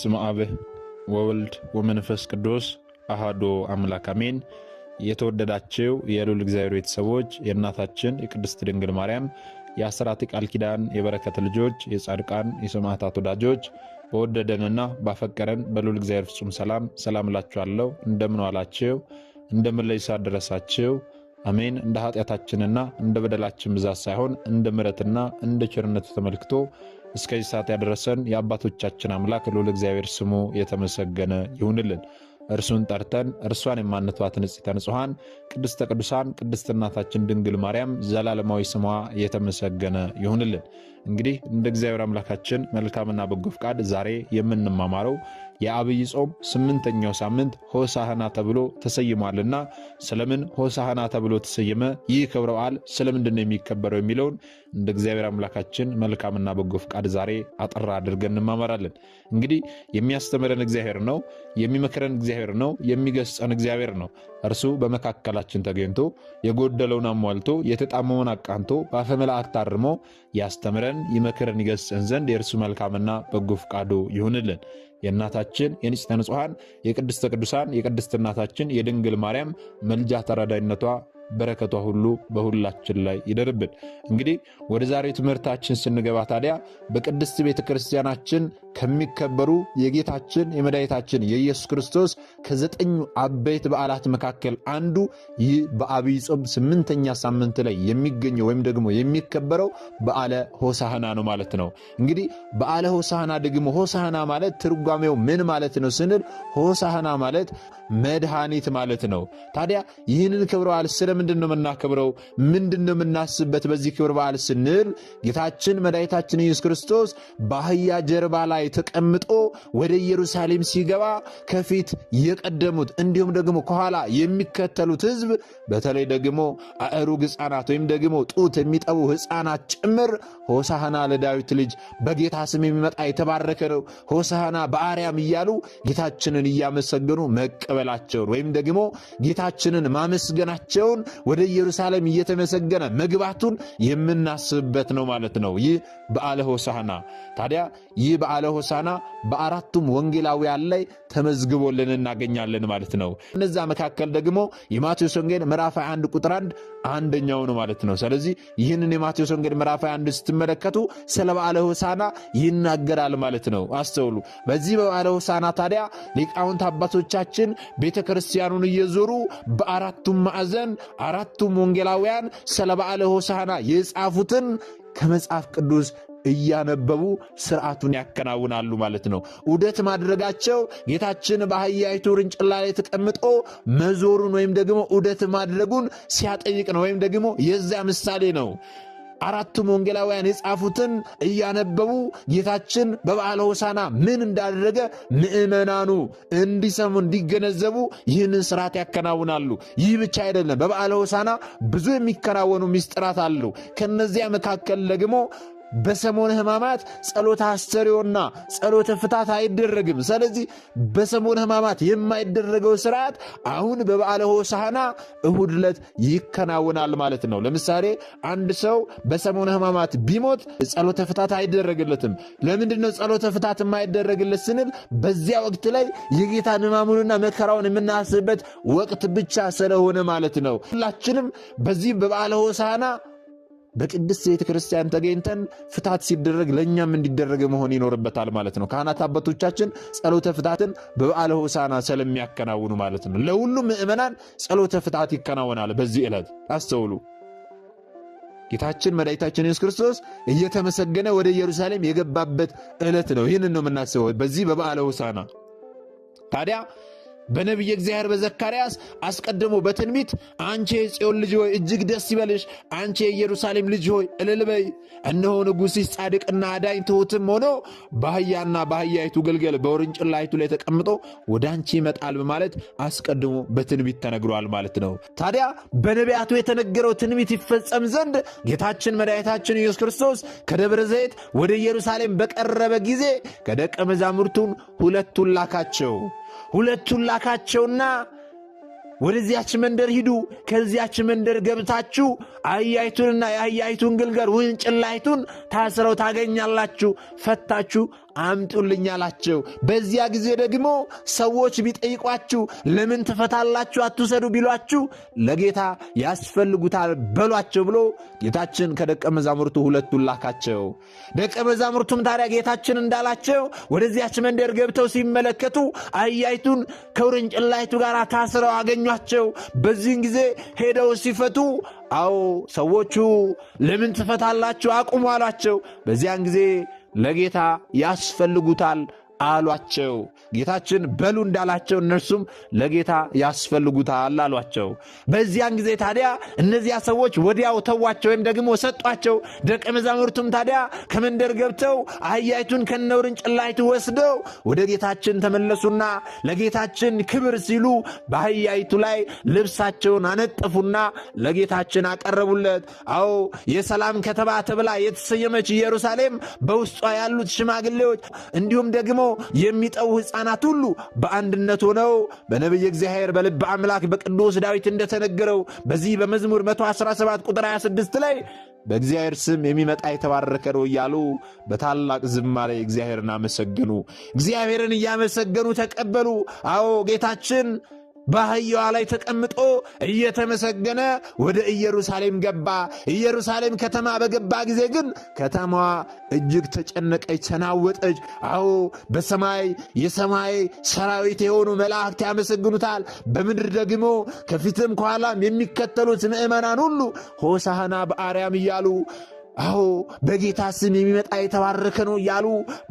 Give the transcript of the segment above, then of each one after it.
በስመ አብ ወወልድ ወመንፈስ ቅዱስ አሃዶ አምላክ አሜን። የተወደዳችሁ የሉል እግዚአብሔር ቤተሰቦች የእናታችን የቅድስት ድንግል ማርያም የአስራት ቃል ኪዳን የበረከት ልጆች የጻድቃን የሰማዕታት ወዳጆች በወደደንና ባፈቀረን በሉል እግዚአብሔር ፍጹም ሰላም ሰላም እላችኋለሁ። እንደምን ዋላችሁ? እንደምን ለይሳ አሜን። እንደ ኃጢአታችንና እንደ በደላችን ብዛት ሳይሆን እንደ ምረትና እንደ ቸርነቱ ተመልክቶ እስከዚህ ሰዓት ያደረሰን የአባቶቻችን አምላክ ልዑል እግዚአብሔር ስሙ የተመሰገነ ይሁንልን። እርሱን ጠርተን እርሷን የማንቷት ንጽሕተ ንጹሐን ቅድስተ ቅዱሳን ቅድስት እናታችን ድንግል ማርያም ዘላለማዊ ስሟ የተመሰገነ ይሁንልን። እንግዲህ እንደ እግዚአብሔር አምላካችን መልካምና በጎ ፍቃድ ዛሬ የምንማማረው የአብይ ጾም ስምንተኛው ሳምንት ሆሳህና ተብሎ ተሰይሟልና ስለምን ሆሳህና ተብሎ ተሰየመ? ይህ ክብረ በዓል ስለምንድን ነው የሚከበረው የሚለውን እንደ እግዚአብሔር አምላካችን መልካምና በጎ ፍቃድ ዛሬ አጠራ አድርገን እንማመራለን። እንግዲህ የሚያስተምረን እግዚአብሔር ነው፣ የሚመክረን እግዚአብሔር ነው፣ የሚገስጸን እግዚአብሔር ነው። እርሱ በመካከላችን ተገኝቶ የጎደለውን አሟልቶ የተጣመመን አቃንቶ በአፈ መላእክት አርሞ ያስተምረን ይመክረን ይገስጸን ዘንድ የእርሱ መልካምና በጎ ፍቃዱ ይሁንልን። የእናታችን የንጽሕተ ንጹሐን የቅድስተ ቅዱሳን የቅድስት እናታችን የድንግል ማርያም መልጃ ተራዳይነቷ በረከቷ ሁሉ በሁላችን ላይ ይደርብን። እንግዲህ ወደ ዛሬ ትምህርታችን ስንገባ ታዲያ በቅድስት ቤተ ክርስቲያናችን ከሚከበሩ የጌታችን የመድኃኒታችን የኢየሱስ ክርስቶስ ከዘጠኙ አበይት በዓላት መካከል አንዱ ይህ በአብይ ጾም ስምንተኛ ሳምንት ላይ የሚገኘው ወይም ደግሞ የሚከበረው በዓለ ሆሳህና ነው ማለት ነው። እንግዲህ በዓለ ሆሳህና ደግሞ ሆሳህና ማለት ትርጓሜው ምን ማለት ነው ስንል ሆሳህና ማለት መድኃኒት ማለት ነው። ታዲያ ይህንን ክብረ በዓል ስለምንድን ነው የምናከብረው? ምንድን ነው የምናስብበት በዚህ ክብረ በዓል ስንል ጌታችን መድኃኒታችን ኢየሱስ ክርስቶስ በአህያ ጀርባ ላይ ላይ ተቀምጦ ወደ ኢየሩሳሌም ሲገባ ከፊት የቀደሙት እንዲሁም ደግሞ ከኋላ የሚከተሉት ሕዝብ በተለይ ደግሞ አእሩግ ሕፃናት ወይም ደግሞ ጡት የሚጠቡ ሕፃናት ጭምር ሆሳህና ለዳዊት ልጅ በጌታ ስም የሚመጣ የተባረከ ነው፣ ሆሳህና በአርያም እያሉ ጌታችንን እያመሰገኑ መቀበላቸውን ወይም ደግሞ ጌታችንን ማመስገናቸውን ወደ ኢየሩሳሌም እየተመሰገነ መግባቱን የምናስብበት ነው ማለት ነው። ይህ በዓለ ሆሳህና ታዲያ ይህ በዓለ ሆሳና በአራቱም ወንጌላውያን ላይ ተመዝግቦልን እናገኛለን ማለት ነው። እነዛ መካከል ደግሞ የማቴዎስ ወንጌል ምዕራፍ 21 ቁጥር 1 አንደኛው ነው ማለት ነው። ስለዚህ ይህንን የማቴዎስ ወንጌል ምዕራፍ 21 ስትመለከቱ ስለ በዓለ ሆሳና ይናገራል ማለት ነው። አስተውሉ። በዚህ በበዓለ ሆሳና ታዲያ ሊቃውንት አባቶቻችን ቤተ ክርስቲያኑን እየዞሩ በአራቱም ማዕዘን አራቱም ወንጌላውያን ስለ በዓለ ሆሳና የጻፉትን ከመጽሐፍ ቅዱስ እያነበቡ ስርዓቱን ያከናውናሉ ማለት ነው። ዑደት ማድረጋቸው ጌታችን በአህያይቱ ውርንጭላ ላይ ተቀምጦ መዞሩን ወይም ደግሞ ዑደት ማድረጉን ሲያጠይቅ ነው፣ ወይም ደግሞ የዚያ ምሳሌ ነው። አራቱም ወንጌላውያን የጻፉትን እያነበቡ ጌታችን በበዓለ ሆሳዕና ምን እንዳደረገ ምዕመናኑ እንዲሰሙ እንዲገነዘቡ ይህንን ስርዓት ያከናውናሉ። ይህ ብቻ አይደለም። በበዓለ ሆሳዕና ብዙ የሚከናወኑ ምስጢራት አሉ። ከነዚያ መካከል ደግሞ በሰሞነ ሕማማት ጸሎተ አስተሪዮና ጸሎተ ፍታት አይደረግም። ስለዚህ በሰሞነ ሕማማት የማይደረገው ስርዓት አሁን በበዓለ ሆሳዕና እሁድ ዕለት ይከናወናል ማለት ነው። ለምሳሌ አንድ ሰው በሰሞነ ሕማማት ቢሞት ጸሎተ ፍታት አይደረግለትም። ለምንድን ነው ጸሎተ ፍታት የማይደረግለት ስንል በዚያ ወቅት ላይ የጌታን ሕማሙንና መከራውን የምናስብበት ወቅት ብቻ ስለሆነ ማለት ነው። ሁላችንም በዚህ በበዓለ ሆሳዕና በቅድስት ቤተ ክርስቲያን ተገኝተን ፍታት ሲደረግ ለእኛም እንዲደረግ መሆን ይኖርበታል ማለት ነው። ካህናት አባቶቻችን ጸሎተ ፍታትን በበዓለ ሆሳና ስለሚያከናውኑ ማለት ነው። ለሁሉም ምእመናን ጸሎተ ፍታት ይከናወናል። በዚህ ዕለት አስተውሉ። ጌታችን መድኃኒታችን ኢየሱስ ክርስቶስ እየተመሰገነ ወደ ኢየሩሳሌም የገባበት ዕለት ነው። ይህንን ነው የምናስበው በዚህ በበዓለ ሆሳና ታዲያ በነቢይ እግዚአብሔር በዘካርያስ አስቀድሞ በትንቢት አንቺ የጽዮን ልጅ ሆይ እጅግ ደስ ይበልሽ፣ አንቺ የኢየሩሳሌም ልጅ ሆይ እልል በይ፣ እነሆ ንጉሥሽ ጻድቅና አዳኝ ትሑትም ሆኖ በአህያና በአህያይቱ ግልገል በውርንጭላይቱ ላይ ተቀምጦ ወደ አንቺ ይመጣል በማለት አስቀድሞ በትንቢት ተነግሯል ማለት ነው። ታዲያ በነቢያቱ የተነገረው ትንቢት ይፈጸም ዘንድ ጌታችን መድኃኒታችን ኢየሱስ ክርስቶስ ከደብረ ዘይት ወደ ኢየሩሳሌም በቀረበ ጊዜ ከደቀ መዛሙርቱን ሁለቱን ላካቸው። ሁለቱን ላካቸውና ወደዚያች መንደር ሂዱ፣ ከዚያች መንደር ገብታችሁ አህያይቱንና የአህያይቱን ግልገል ውንጭላይቱን ታስረው ታገኛላችሁ፣ ፈታችሁ አምጡልኝ አላቸው። በዚያ ጊዜ ደግሞ ሰዎች ቢጠይቋችሁ ለምን ትፈታላችሁ አትውሰዱ ቢሏችሁ ለጌታ ያስፈልጉታል በሏቸው ብሎ ጌታችን ከደቀ መዛሙርቱ ሁለቱን ላካቸው። ደቀ መዛሙርቱም ታዲያ ጌታችን እንዳላቸው ወደዚያች መንደር ገብተው ሲመለከቱ አህያይቱን ከውርንጭላይቱ ጋር ታስረው አገኟቸው። በዚህን ጊዜ ሄደው ሲፈቱ አዎ ሰዎቹ ለምን ትፈታላችሁ አቁሙ አሏቸው። በዚያን ጊዜ ለጌታ ያስፈልጉታል አሏቸው። ጌታችን በሉ እንዳላቸው እነርሱም ለጌታ ያስፈልጉታል አሏቸው። በዚያን ጊዜ ታዲያ እነዚያ ሰዎች ወዲያው ተዋቸው ወይም ደግሞ ሰጧቸው። ደቀ መዛሙርቱም ታዲያ ከመንደር ገብተው አህያይቱን ከነውርንጭላይቱ ወስደው ወደ ጌታችን ተመለሱና ለጌታችን ክብር ሲሉ በአህያይቱ ላይ ልብሳቸውን አነጠፉና ለጌታችን አቀረቡለት። አዎ የሰላም ከተማ ተብላ የተሰየመች ኢየሩሳሌም በውስጧ ያሉት ሽማግሌዎች እንዲሁም ደግሞ የሚጠው ሕፃናት ሁሉ በአንድነት ሆነው በነቢይ እግዚአብሔር በልብ አምላክ በቅዱስ ዳዊት እንደተነገረው በዚህ በመዝሙር 117 ቁጥር 26 ላይ በእግዚአብሔር ስም የሚመጣ የተባረከ ነው እያሉ በታላቅ ዝማሬ እግዚአብሔርን አመሰገኑ። እግዚአብሔርን እያመሰገኑ ተቀበሉ። አዎ ጌታችን በአህያዋ ላይ ተቀምጦ እየተመሰገነ ወደ ኢየሩሳሌም ገባ። ኢየሩሳሌም ከተማ በገባ ጊዜ ግን ከተማዋ እጅግ ተጨነቀች፣ ተናወጠች። አዎ በሰማይ የሰማይ ሰራዊት የሆኑ መላእክት ያመሰግኑታል። በምድር ደግሞ ከፊትም ከኋላም የሚከተሉት ምዕመናን ሁሉ ሆሳህና በአርያም እያሉ አዎ በጌታ ስም የሚመጣ የተባረከ ነው እያሉ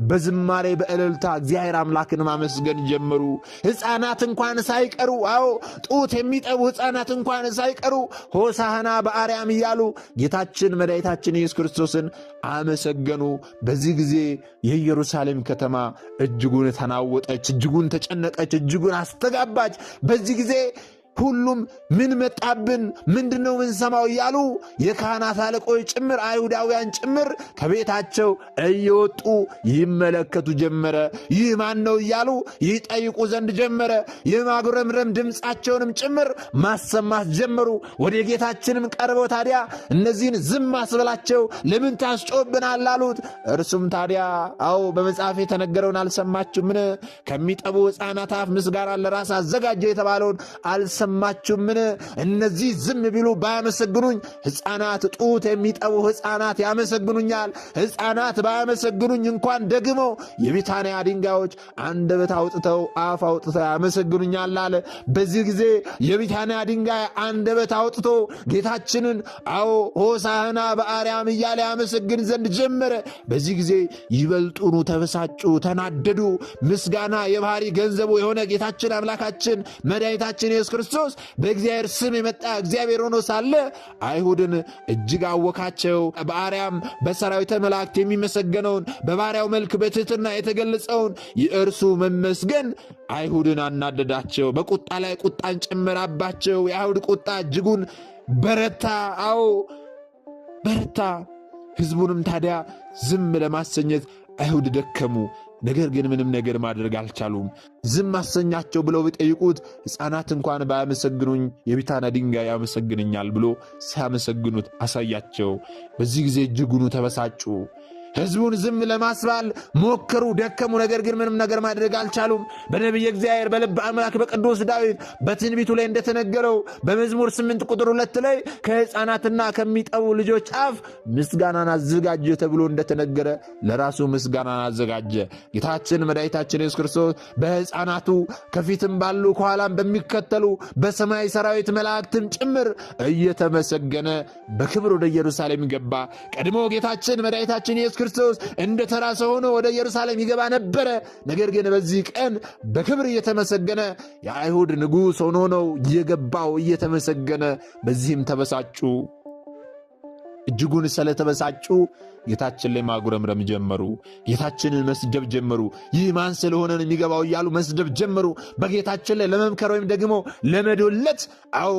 በዝማሬ በእልልታ እግዚአብሔር አምላክን ማመስገን ጀመሩ። ሕፃናት እንኳን ሳይቀሩ አዎ ጡት የሚጠቡ ሕፃናት እንኳን ሳይቀሩ ሆሳህና በአርያም እያሉ ጌታችን መድኃኒታችን ኢየሱስ ክርስቶስን አመሰገኑ። በዚህ ጊዜ የኢየሩሳሌም ከተማ እጅጉን ተናወጠች፣ እጅጉን ተጨነቀች፣ እጅጉን አስተጋባች። በዚህ ጊዜ ሁሉም ምን መጣብን ምንድን ነው ምንሰማው እያሉ የካህናት አለቆች ጭምር አይሁዳውያን ጭምር ከቤታቸው እየወጡ ይመለከቱ ጀመረ። ይህ ማን ነው እያሉ ይጠይቁ ዘንድ ጀመረ። የማጉረምረም ድምፃቸውንም ጭምር ማሰማት ጀመሩ። ወደ ጌታችንም ቀርበው ታዲያ እነዚህን ዝም አስበላቸው ለምን ታስጮብናል አሉት። እርሱም ታዲያ አዎ በመጽሐፍ የተነገረውን አልሰማችሁምን? ከሚጠቡ ሕፃናት አፍ ምስጋና ለራስ አዘጋጀው የተባለውን አልሰ አልሰማችሁምን? እነዚህ ዝም ቢሉ ባያመሰግኑኝ ሕፃናት፣ ጡት የሚጠቡ ሕፃናት ያመሰግኑኛል። ሕፃናት ባያመሰግኑኝ እንኳን ደግሞ የቢታንያ ድንጋዮች አንደበት አውጥተው አፍ አውጥተው ያመሰግኑኛል አለ። በዚህ ጊዜ የቢታንያ ድንጋይ አንደበት አውጥቶ ጌታችንን አዎ ሆሳህና በአርያም እያለ ያመሰግን ዘንድ ጀመረ። በዚህ ጊዜ ይበልጡኑ ተበሳጩ፣ ተናደዱ። ምስጋና የባህሪ ገንዘቡ የሆነ ጌታችን አምላካችን መድኃኒታችን ኢየሱስ ክርስቶስ ክርስቶስ በእግዚአብሔር ስም የመጣ እግዚአብሔር ሆኖ ሳለ አይሁድን እጅግ አወካቸው። በአርያም በሰራዊተ መላእክት የሚመሰገነውን በባሪያው መልክ በትህትና የተገለጸውን የእርሱ መመስገን አይሁድን አናደዳቸው። በቁጣ ላይ ቁጣን ጨመራባቸው። የአይሁድ ቁጣ እጅጉን በረታ። አዎ በረታ። ሕዝቡንም ታዲያ ዝም ለማሰኘት አይሁድ ደከሙ። ነገር ግን ምንም ነገር ማድረግ አልቻሉም። ዝም አሰኛቸው ብለው ቢጠይቁት ሕፃናት እንኳን ባያመሰግኑኝ የቢታና ድንጋይ ያመሰግንኛል ብሎ ሲያመሰግኑት አሳያቸው። በዚህ ጊዜ እጅጉኑ ተበሳጩ። ህዝቡን ዝም ለማስባል ሞከሩ፣ ደከሙ። ነገር ግን ምንም ነገር ማድረግ አልቻሉም። በነቢይ እግዚአብሔር በልብ አምላክ በቅዱስ ዳዊት በትንቢቱ ላይ እንደተነገረው በመዝሙር ስምንት ቁጥር ሁለት ላይ ከህፃናትና ከሚጠቡ ልጆች አፍ ምስጋናን አዘጋጀ ተብሎ እንደተነገረ ለራሱ ምስጋናን አዘጋጀ። ጌታችን መድኃኒታችን ኢየሱስ ክርስቶስ በህፃናቱ ከፊትም ባሉ ከኋላም በሚከተሉ በሰማይ ሰራዊት መላእክትም ጭምር እየተመሰገነ በክብር ወደ ኢየሩሳሌም ገባ። ቀድሞ ጌታችን መድኃኒታችን ኢየሱስ ክርስቶስ እንደ ተራ ሰው ሆኖ ወደ ኢየሩሳሌም ይገባ ነበረ። ነገር ግን በዚህ ቀን በክብር እየተመሰገነ የአይሁድ ንጉሥ ሆኖ ነው እየገባው እየተመሰገነ። በዚህም ተበሳጩ። እጅጉን ስለተበሳጩ ጌታችን ላይ ማጉረምረም ጀመሩ። ጌታችንን መስደብ ጀመሩ። ይህ ማን ስለሆነ የሚገባው እያሉ መስደብ ጀመሩ። በጌታችን ላይ ለመምከር ወይም ደግሞ ለመዶለት፣ አዎ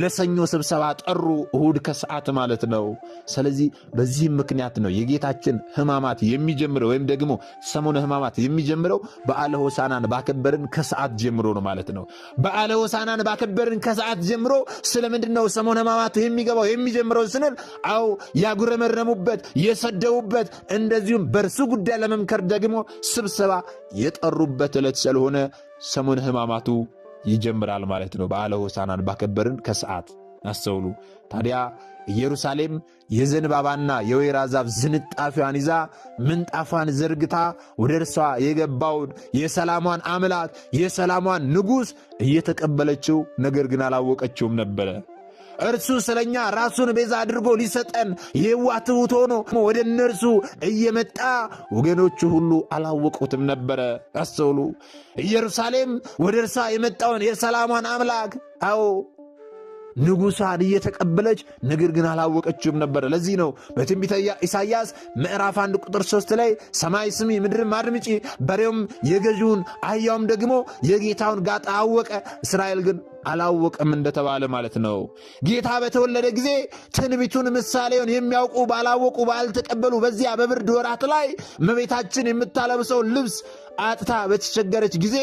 ለሰኞ ስብሰባ ጠሩ። እሁድ ከሰዓት ማለት ነው። ስለዚህ በዚህም ምክንያት ነው የጌታችን ሕማማት የሚጀምረው ወይም ደግሞ ሰሞነ ሕማማት የሚጀምረው በዓለ ሆሳናን ባከበርን ከሰዓት ጀምሮ ነው ማለት ነው። በዓለ ሆሳናን ባከበርን ከሰዓት ጀምሮ ስለምንድነው ሰሞነ ሕማማቱ የሚገባው የሚጀምረው ስንል፣ አዎ ያጉረመረሙበት የሰደቡበት እንደዚሁም በእርሱ ጉዳይ ለመምከር ደግሞ ስብሰባ የጠሩበት ዕለት ስለሆነ ሰሙነ ሕማማቱ ይጀምራል ማለት ነው። በዓለ ሆሳናን ባከበርን ከሰዓት አስተውሉ። ታዲያ ኢየሩሳሌም የዘንባባና የወይራ ዛፍ ዝንጣፊዋን ይዛ ምንጣፏን ዘርግታ ወደ እርሷ የገባውን የሰላሟን አምላክ የሰላሟን ንጉሥ እየተቀበለችው ነገር ግን አላወቀችውም ነበረ። እርሱ ስለኛ ራሱን ቤዛ አድርጎ ሊሰጠን የዋህ ትሑት ሆኖ ወደ እነርሱ እየመጣ ወገኖቹ ሁሉ አላወቁትም ነበረ። አስተውሉ። ኢየሩሳሌም ወደ እርሷ የመጣውን የሰላሟን አምላክ አዎ ንጉሳን እየተቀበለች ነገር ግን አላወቀችውም ነበረ። ለዚህ ነው በትንቢተ ኢሳይያስ ምዕራፍ አንድ ቁጥር ሶስት ላይ ሰማይ ስሚ፣ ምድርም አድምጪ፣ በሬውም የገዢውን አህያውም ደግሞ የጌታውን ጋጣ አወቀ፣ እስራኤል ግን አላወቀም እንደተባለ ማለት ነው። ጌታ በተወለደ ጊዜ ትንቢቱን ምሳሌውን የሚያውቁ ባላወቁ፣ ባልተቀበሉ በዚያ በብርድ ወራት ላይ እመቤታችን የምታለብሰውን ልብስ አጥታ በተቸገረች ጊዜ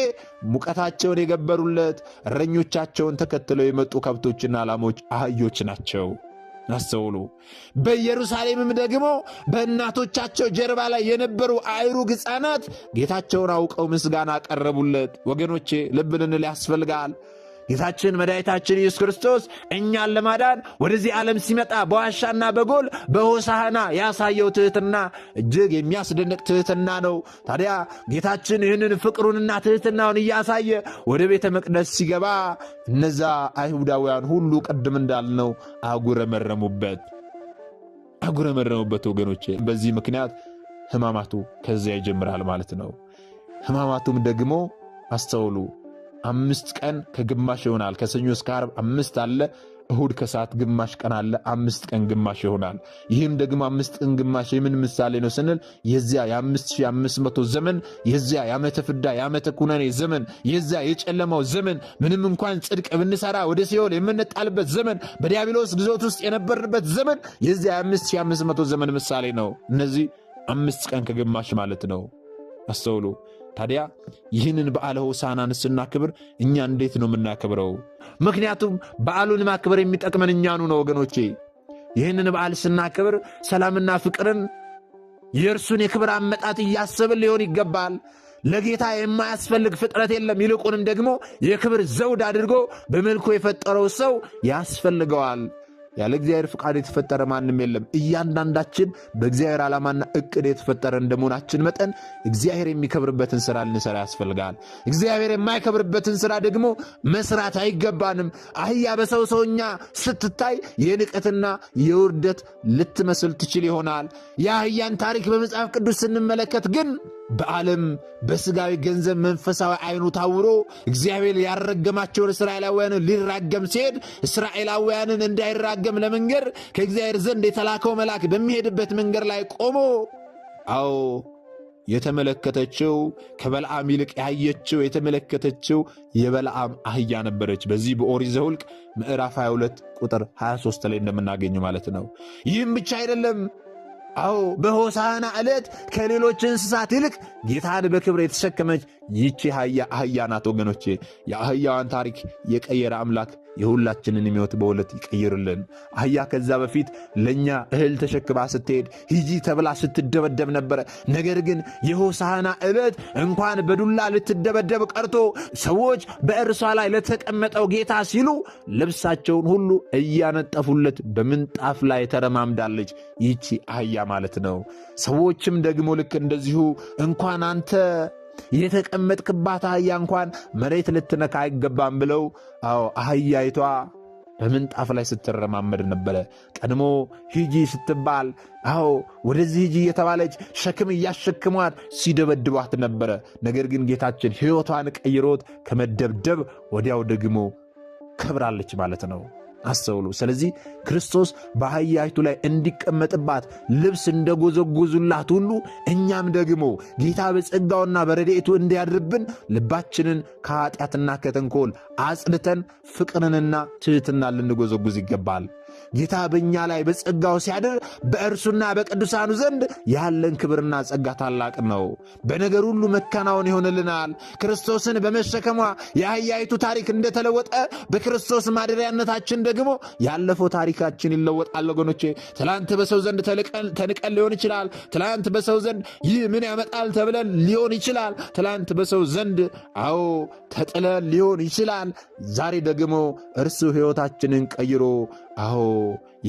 ሙቀታቸውን የገበሩለት እረኞቻቸውን ተከትለው የመጡ ከብቶችና ላሞች፣ አህዮች ናቸው። አስተውሉ። በኢየሩሳሌምም ደግሞ በእናቶቻቸው ጀርባ ላይ የነበሩ አእሩግ ሕፃናት ጌታቸውን አውቀው ምስጋና ቀረቡለት። ወገኖቼ ልብ ልንል ያስፈልጋል። ጌታችን መድኃኒታችን ኢየሱስ ክርስቶስ እኛን ለማዳን ወደዚህ ዓለም ሲመጣ በዋሻና በጎል በሆሳህና ያሳየው ትሕትና እጅግ የሚያስደንቅ ትሕትና ነው። ታዲያ ጌታችን ይህንን ፍቅሩንና ትሕትናውን እያሳየ ወደ ቤተ መቅደስ ሲገባ እነዛ አይሁዳውያን ሁሉ ቅድም እንዳልነው አጉረመረሙበት አጉረመረሙበት። ወገኖቼ በዚህ ምክንያት ሕማማቱ ከዚያ ይጀምራል ማለት ነው። ሕማማቱም ደግሞ አስተውሉ አምስት ቀን ከግማሽ ይሆናል። ከሰኞ እስከ ዓርብ አምስት አለ። እሁድ ከሰዓት ግማሽ ቀን አለ። አምስት ቀን ግማሽ ይሆናል። ይህም ደግሞ አምስት ቀን ግማሽ የምን ምሳሌ ነው ስንል የዚያ የ5500 ዘመን የዚያ የዓመተ ፍዳ የዓመተ ኩነኔ ዘመን የዚያ የጨለማው ዘመን ምንም እንኳን ጽድቅ ብንሰራ ወደ ሲኦል የምንጣልበት ዘመን በዲያብሎስ ግዞት ውስጥ የነበርንበት ዘመን የዚያ የ5500 ዘመን ምሳሌ ነው። እነዚህ አምስት ቀን ከግማሽ ማለት ነው። አስተውሉ። ታዲያ ይህንን በዓለ ሆሳዕናን ስናክብር እኛ እንዴት ነው የምናከብረው? ምክንያቱም በዓሉን ማክበር የሚጠቅመን እኛኑ ነው ወገኖቼ። ይህንን በዓል ስናክብር ሰላምና ፍቅርን የእርሱን የክብር አመጣት እያሰብን ሊሆን ይገባል። ለጌታ የማያስፈልግ ፍጥረት የለም። ይልቁንም ደግሞ የክብር ዘውድ አድርጎ በመልኩ የፈጠረው ሰው ያስፈልገዋል። ያለ እግዚአብሔር ፍቃድ የተፈጠረ ማንም የለም። እያንዳንዳችን በእግዚአብሔር ዓላማና እቅድ የተፈጠረ እንደመሆናችን መጠን እግዚአብሔር የሚከብርበትን ስራ ልንሰራ ያስፈልጋል። እግዚአብሔር የማይከብርበትን ስራ ደግሞ መስራት አይገባንም። አህያ በሰው ሰውኛ ስትታይ የንቀትና የውርደት ልትመስል ትችል ይሆናል። የአህያን ታሪክ በመጽሐፍ ቅዱስ ስንመለከት ግን በዓለም በሥጋዊ ገንዘብ መንፈሳዊ ዐይኑ ታውሮ እግዚአብሔር ያረገማቸውን እስራኤላውያን ሊራገም ሲሄድ እስራኤላውያንን እንዳይራገም ለመንገር ከእግዚአብሔር ዘንድ የተላከው መልአክ በሚሄድበት መንገድ ላይ ቆሞ አዎ የተመለከተችው ከበልዓም ይልቅ ያየችው የተመለከተችው የበልዓም አህያ ነበረች። በዚህ በኦሪት ዘኍልቍ ምዕራፍ 22 ቁጥር 23 ላይ እንደምናገኘው ማለት ነው። ይህም ብቻ አይደለም። አዎ በሆሳና ዕለት ከሌሎች እንስሳት ይልቅ ጌታን በክብር የተሸከመች ይቺ አህያ ናት። ወገኖቼ የአህያዋን ታሪክ የቀየረ አምላክ የሁላችንን ሕይወት በሁለት ይቀይርልን። አህያ ከዛ በፊት ለእኛ እህል ተሸክማ ስትሄድ ሂጂ ተብላ ስትደበደብ ነበረ። ነገር ግን የሆሳዕና ዕለት እንኳን በዱላ ልትደበደብ ቀርቶ ሰዎች በእርሷ ላይ ለተቀመጠው ጌታ ሲሉ ልብሳቸውን ሁሉ እያነጠፉለት በምንጣፍ ላይ ተረማምዳለች። ይቺ አህያ ማለት ነው። ሰዎችም ደግሞ ልክ እንደዚሁ እንኳን አንተ የተቀመጥክባት አህያ እንኳን መሬት ልትነካ አይገባም ብለው አዎ አህያይቷ በምንጣፍ ላይ ስትረማመድ ነበረ። ቀድሞ ሂጂ ስትባል አዎ ወደዚህ ሂጂ እየተባለች ሸክም እያሸክሟት ሲደበድቧት ነበረ። ነገር ግን ጌታችን ሕይወቷን ቀይሮት ከመደብደብ ወዲያው ደግሞ ከብራለች ማለት ነው። አስተውሉ። ስለዚህ ክርስቶስ በአህያይቱ ላይ እንዲቀመጥባት ልብስ እንደጎዘጎዙላት ሁሉ እኛም ደግሞ ጌታ በጸጋውና በረድኤቱ እንዲያድርብን ልባችንን ከኃጢአትና ከተንኮል አጽድተን ፍቅርንና ትሕትና ልንጎዘጉዝ ይገባል። ጌታ በእኛ ላይ በጸጋው ሲያድር በእርሱና በቅዱሳኑ ዘንድ ያለን ክብርና ጸጋ ታላቅ ነው። በነገር ሁሉ መከናወን ይሆንልናል። ክርስቶስን በመሸከሟ የአህያይቱ ታሪክ እንደተለወጠ በክርስቶስ ማደሪያነታችን ደግሞ ያለፈው ታሪካችን ይለወጣል። ወገኖቼ ትላንት በሰው ዘንድ ተንቀን ሊሆን ይችላል። ትላንት በሰው ዘንድ ይህ ምን ያመጣል ተብለን ሊሆን ይችላል። ትላንት በሰው ዘንድ አዎ ተጥለን ሊሆን ይችላል። ዛሬ ደግሞ እርሱ ሕይወታችንን ቀይሮ አዎ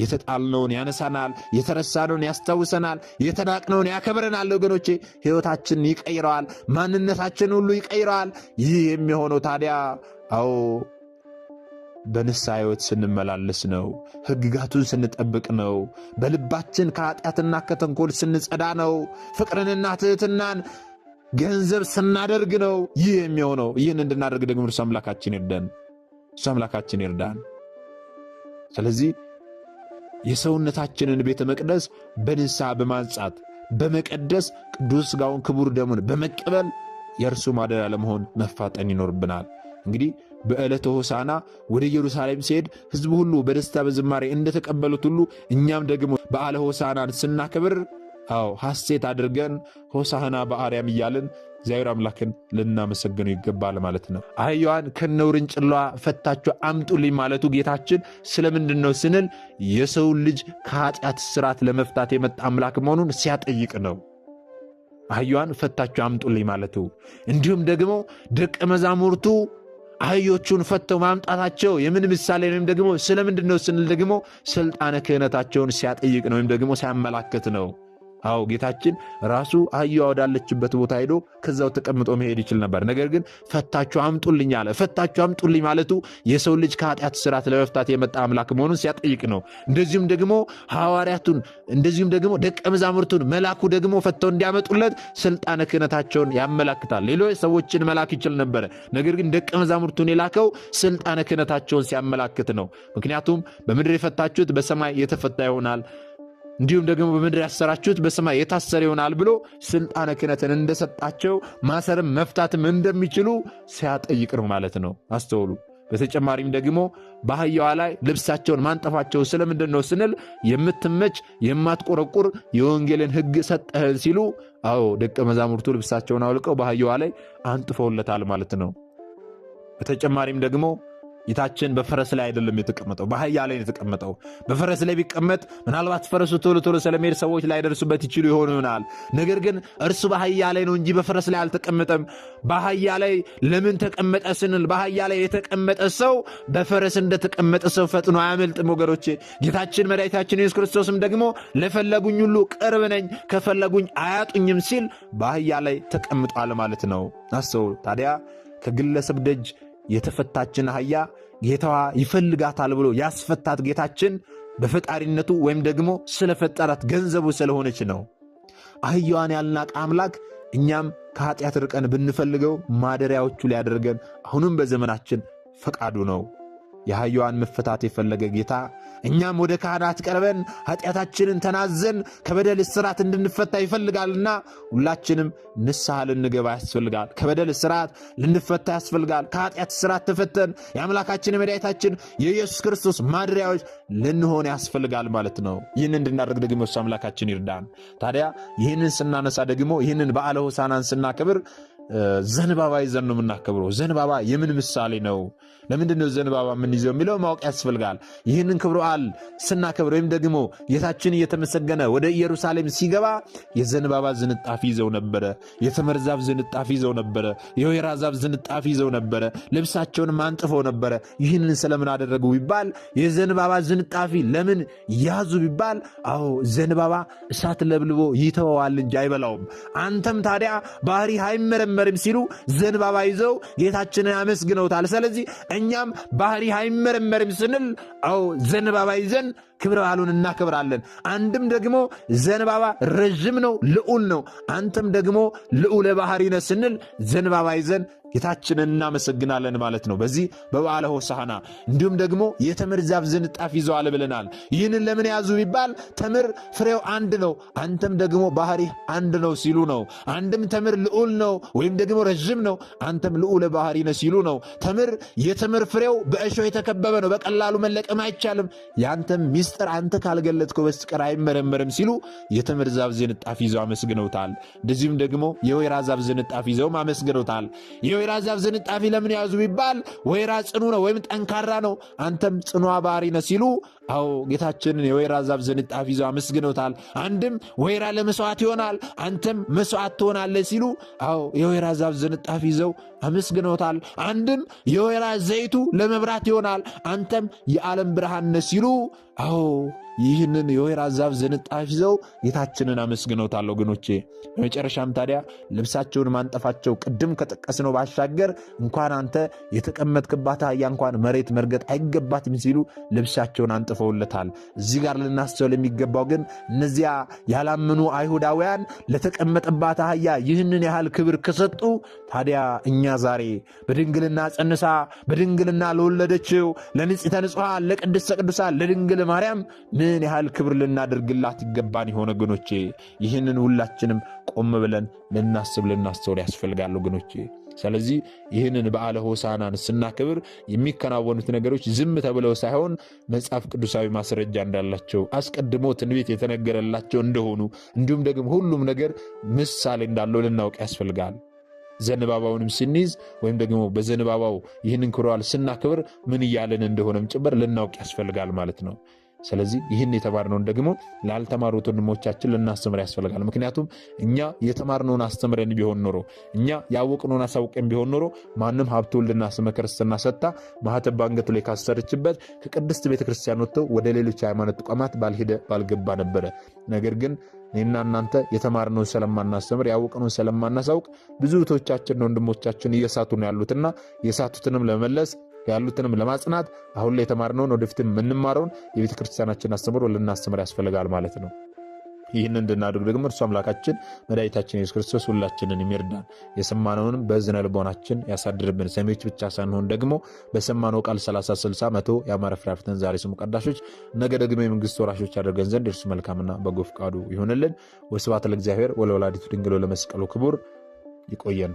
የተጣልነውን ያነሳናል፣ የተረሳነውን ያስታውሰናል፣ የተናቅነውን ያከብረናል። ወገኖቼ ሕይወታችን ይቀይረዋል፣ ማንነታችን ሁሉ ይቀይረዋል። ይህ የሚሆነው ታዲያ አዎ በንስሐ ሕይወት ስንመላለስ ነው። ሕግጋቱን ስንጠብቅ ነው። በልባችን ከኃጢአትና ከተንኮል ስንጸዳ ነው። ፍቅርንና ትሕትናን ገንዘብ ስናደርግ ነው ይህ የሚሆነው። ይህን እንድናደርግ ደግሞ እርሱ አምላካችን ይርደን፣ እርሱ አምላካችን ይርዳን። ስለዚህ የሰውነታችንን ቤተ መቅደስ በንስሐ በማንጻት በመቀደስ ቅዱስ ሥጋውን ክቡር ደሙን በመቀበል የእርሱ ማደሪያ ለመሆን መፋጠን ይኖርብናል። እንግዲህ በዕለተ ሆሳና ወደ ኢየሩሳሌም ሲሄድ ሕዝቡ ሁሉ በደስታ በዝማሬ እንደተቀበሉት ሁሉ እኛም ደግሞ በዓለ ሆሳናን ስናከብር አዎ ሐሴት አድርገን ሆሳህና በአርያም እያልን እግዚአብሔር አምላክን ልናመሰግኑ ይገባል ማለት ነው። አህያዋን ከነውርንጭላዋ ፈታችሁ አምጡልኝ ማለቱ ጌታችን ስለምንድን ነው ስንል የሰውን ልጅ ከኃጢአት ስርዓት ለመፍታት የመጣ አምላክ መሆኑን ሲያጠይቅ ነው። አህያዋን ፈታችሁ አምጡልኝ ማለቱ እንዲሁም ደግሞ ደቀ መዛሙርቱ አህዮቹን ፈተው ማምጣታቸው የምን ምሳሌ ወይም ደግሞ ስለምንድን ነው ስንል ደግሞ ስልጣነ ክህነታቸውን ሲያጠይቅ ነው ወይም ደግሞ ሲያመላክት ነው። አዎ ጌታችን ራሱ አህያዋ ወዳለችበት ቦታ ሄዶ ከዛው ተቀምጦ መሄድ ይችል ነበር። ነገር ግን ፈታችሁ አምጡልኝ አለ። ፈታችሁ አምጡልኝ ማለቱ የሰው ልጅ ከኃጢአት ስርዓት ለመፍታት የመጣ አምላክ መሆኑን ሲያጠይቅ ነው። እንደዚሁም ደግሞ ሐዋርያቱን እንደዚሁም ደግሞ ደቀ መዛሙርቱን መላኩ ደግሞ ፈተው እንዲያመጡለት ስልጣነ ክህነታቸውን ያመላክታል። ሌሎ ሰዎችን መላክ ይችል ነበረ። ነገር ግን ደቀ መዛሙርቱን የላከው ስልጣነ ክህነታቸውን ሲያመላክት ነው። ምክንያቱም በምድር የፈታችሁት በሰማይ የተፈታ ይሆናል እንዲሁም ደግሞ በምድር ያሰራችሁት በሰማይ የታሰረ ይሆናል ብሎ ስልጣነ ክህነትን እንደሰጣቸው ማሰርም መፍታትም እንደሚችሉ ሲያጠይቅ ነው ማለት ነው። አስተውሉ። በተጨማሪም ደግሞ በአህያዋ ላይ ልብሳቸውን ማንጠፋቸው ስለምንድን ነው ስንል የምትመች የማትቆረቁር የወንጌልን ሕግ ሰጠህን ሲሉ፣ አዎ ደቀ መዛሙርቱ ልብሳቸውን አውልቀው በአህያዋ ላይ አንጥፈውለታል ማለት ነው። በተጨማሪም ደግሞ ጌታችን በፈረስ ላይ አይደለም የተቀመጠው፣ በአህያ ላይ የተቀመጠው። በፈረስ ላይ ቢቀመጥ ምናልባት ፈረሱ ቶሎ ቶሎ ስለመሄድ ሰዎች ላይደርሱበት ይችሉ ይሆኑ ይሆናል። ነገር ግን እርሱ በአህያ ላይ ነው እንጂ በፈረስ ላይ አልተቀመጠም። በአህያ ላይ ለምን ተቀመጠ ስንል በአህያ ላይ የተቀመጠ ሰው በፈረስ እንደተቀመጠ ሰው ፈጥኖ አያመልጥም። ወገኖቼ ጌታችን መድኃኒታችን ኢየሱስ ክርስቶስም ደግሞ ለፈለጉኝ ሁሉ ቅርብ ነኝ፣ ከፈለጉኝ አያጡኝም ሲል በአህያ ላይ ተቀምጧል ማለት ነው። አስተውል ታዲያ ከግለሰብ ደጅ የተፈታችን አህያ ጌታዋ ይፈልጋታል ብሎ ያስፈታት ጌታችን በፈጣሪነቱ ወይም ደግሞ ስለፈጠራት ገንዘቡ ስለሆነች ነው። አህያዋን ያልናቀ አምላክ እኛም ከኃጢአት ርቀን ብንፈልገው ማደሪያዎቹ ሊያደርገን አሁንም በዘመናችን ፈቃዱ ነው። የአህያዋን መፈታት የፈለገ ጌታ እኛም ወደ ካህናት ቀርበን ኃጢአታችንን ተናዘን ከበደል እስራት እንድንፈታ ይፈልጋልና ሁላችንም ንስሐ ልንገባ ያስፈልጋል። ከበደል እስራት ልንፈታ ያስፈልጋል። ከኃጢአት እስራት ተፈተን የአምላካችን የመድኃኒታችን የኢየሱስ ክርስቶስ ማደሪያዎች ልንሆን ያስፈልጋል ማለት ነው። ይህን እንድናደርግ ደግሞ እሱ አምላካችን ይርዳን። ታዲያ ይህንን ስናነሳ ደግሞ ይህንን በዓለ ሆሳናን ስናከብር ዘንባባ ይዘን ነው የምናከብረው። ዘንባባ የምን ምሳሌ ነው? ለምንድን ነው ዘንባባ የምንይዘው የሚለው ማወቅ ያስፈልጋል። ይህንን ክብረ በዓል ስናከብር ወይም ደግሞ ጌታችን እየተመሰገነ ወደ ኢየሩሳሌም ሲገባ የዘንባባ ዝንጣፊ ይዘው ነበረ፣ የተምር ዛፍ ዝንጣፊ ይዘው ነበረ፣ የወይራ ዛፍ ዝንጣፊ ይዘው ነበረ፣ ልብሳቸውን ማንጥፈው ነበረ። ይህንን ስለምን አደረጉ ቢባል የዘንባባ ዝንጣፊ ለምን ያዙ ቢባል፣ አዎ ዘንባባ እሳት ለብልቦ ይተወዋል እንጂ አይበላውም። አንተም ታዲያ ባህሪ አይመረም አይመርም ሲሉ ዘንባባ ይዘው ጌታችንን አመስግነውታል። ስለዚህ እኛም ባህሪ አይመረመርም ስንል አዎ ዘንባባ ይዘን ክብረ በዓሉን እናከብራለን። አንድም ደግሞ ዘንባባ ረዥም ነው፣ ልዑል ነው። አንተም ደግሞ ልዑለ ባህሪ ስንል ዘንባባ ይዘን ጌታችንን እናመሰግናለን ማለት ነው። በዚህ በበዓለ ሆሳዕና እንዲሁም ደግሞ የተምር ዛፍ ዝንጣፍ ይዘዋል ብለናል። ይህንን ለምን ያዙ ቢባል ተምር ፍሬው አንድ ነው፣ አንተም ደግሞ ባህሪህ አንድ ነው ሲሉ ነው። አንድም ተምር ልዑል ነው ወይም ደግሞ ረዥም ነው፣ አንተም ልዑለ ባህሪ ነ ሲሉ ነው። ተምር የተምር ፍሬው በእሾህ የተከበበ ነው፣ በቀላሉ መለቀም አይቻልም። የአንተም ሚስት ምስጢር አንተ ካልገለጥከው በስተቀር አይመረመርም ሲሉ የተምር ዛፍ ዝንጣፍ ይዘው አመስግነውታል። እንደዚሁም ደግሞ የወይራ ዛፍ ዝንጣፍ ይዘውም አመስግነውታል። የወይራ ዛፍ ዝንጣፊ ለምን ያዙ ቢባል ወይራ ጽኑ ነው ወይም ጠንካራ ነው፣ አንተም ጽኗ ባህሪ ነህ ሲሉ አዎ ጌታችንን የወይራ ዛፍ ዝንጣፍ ይዞ አመስግኖታል። አንድም ወይራ ለመስዋዕት ይሆናል፣ አንተም መስዋዕት ትሆናለህ ሲሉ አዎ የወይራ ዛፍ ዝንጣፍ ይዘው አመስግኖታል። አንድም የወይራ ዘይቱ ለመብራት ይሆናል፣ አንተም የዓለም ብርሃን ነህ ሲሉ አዎ ይህንን የወይራ ዛፍ ዝንጣፍ ይዘው ጌታችንን አመስግነውታል ወገኖቼ። በመጨረሻም ታዲያ ልብሳቸውን ማንጠፋቸው ቅድም ከጠቀስነው ባሻገር እንኳን አንተ የተቀመጥክባት አህያ እንኳን መሬት መርገጥ አይገባትም ሲሉ ልብሳቸውን አንጥፈውለታል። እዚህ ጋር ልናስተውል የሚገባው ግን እነዚያ ያላመኑ አይሁዳውያን ለተቀመጠባት አህያ ይህንን ያህል ክብር ከሰጡ ታዲያ እኛ ዛሬ በድንግልና ጸንሳ በድንግልና ለወለደችው ለንጽሕተ ንጹሐን ለቅድስተ ቅዱሳን ለድንግል ማርያም ምን ያህል ክብር ልናደርግላት ይገባን ይሆን ወገኖቼ? ይህንን ሁላችንም ቆም ብለን ልናስብ ልናስተውል ያስፈልጋል ወገኖቼ። ስለዚህ ይህንን በዓለ ሆሳናን ስናክብር የሚከናወኑት ነገሮች ዝም ተብለው ሳይሆን መጽሐፍ ቅዱሳዊ ማስረጃ እንዳላቸው አስቀድሞ ትንቢት የተነገረላቸው እንደሆኑ እንዲሁም ደግሞ ሁሉም ነገር ምሳሌ እንዳለው ልናውቅ ያስፈልጋል። ዘንባባውንም ስንይዝ ወይም ደግሞ በዘንባባው ይህንን ክብረ ስናክብር ምን እያለን እንደሆነም ጭምር ልናውቅ ያስፈልጋል ማለት ነው። ስለዚህ ይህን የተማርነውን ደግሞ ላልተማሩት ወንድሞቻችን ልናስተምር ያስፈልጋል። ምክንያቱም እኛ የተማርነውን አስተምረን ቢሆን ኖሮ እኛ ያወቅነውን አሳውቀን ቢሆን ኖሮ ማንም ሀብት ወልድና ስመ ክርስትና ሰጥታ ማህተብ ባንገቱ ላይ ካሰረችበት ከቅድስት ቤተክርስቲያን ወጥተው ወደ ሌሎች ሃይማኖት ተቋማት ባልሄደ ባልገባ ነበረ። ነገር ግን እኔና እናንተ የተማርነውን ስለማናስተምር ያወቅነውን ስለማናሳውቅ ብዙ እህቶቻችንና ወንድሞቻችን እየሳቱ ነው ያሉትና የሳቱትንም ለመመለስ ያሉትንም ለማጽናት አሁን ላይ የተማርነውን ወደፊትም የምንማረውን የቤተ ክርስቲያናችን አስተምሮ ልናስተምር ያስፈልጋል ማለት ነው። ይህን እንድናደርግ ደግሞ እርሱ አምላካችን መድኃኒታችን ኢየሱስ ክርስቶስ ሁላችንን የሚርዳን የሰማነውንም በዝነ ልቦናችን ያሳድርብን። ሰሚዎች ብቻ ሳንሆን ደግሞ በሰማነው ቃል 30 60 መቶ የአማረ ፍሬ አፍርተን ዛሬ ስሙ ቀዳሾች፣ ነገ ደግሞ የመንግስት ወራሾች ያደርገን ዘንድ እርሱ መልካምና በጎ ፈቃዱ ይሆንልን። ወስብሐት ለእግዚአብሔር ወለወላዲቱ ድንግል ለመስቀሉ ክቡር። ይቆየን።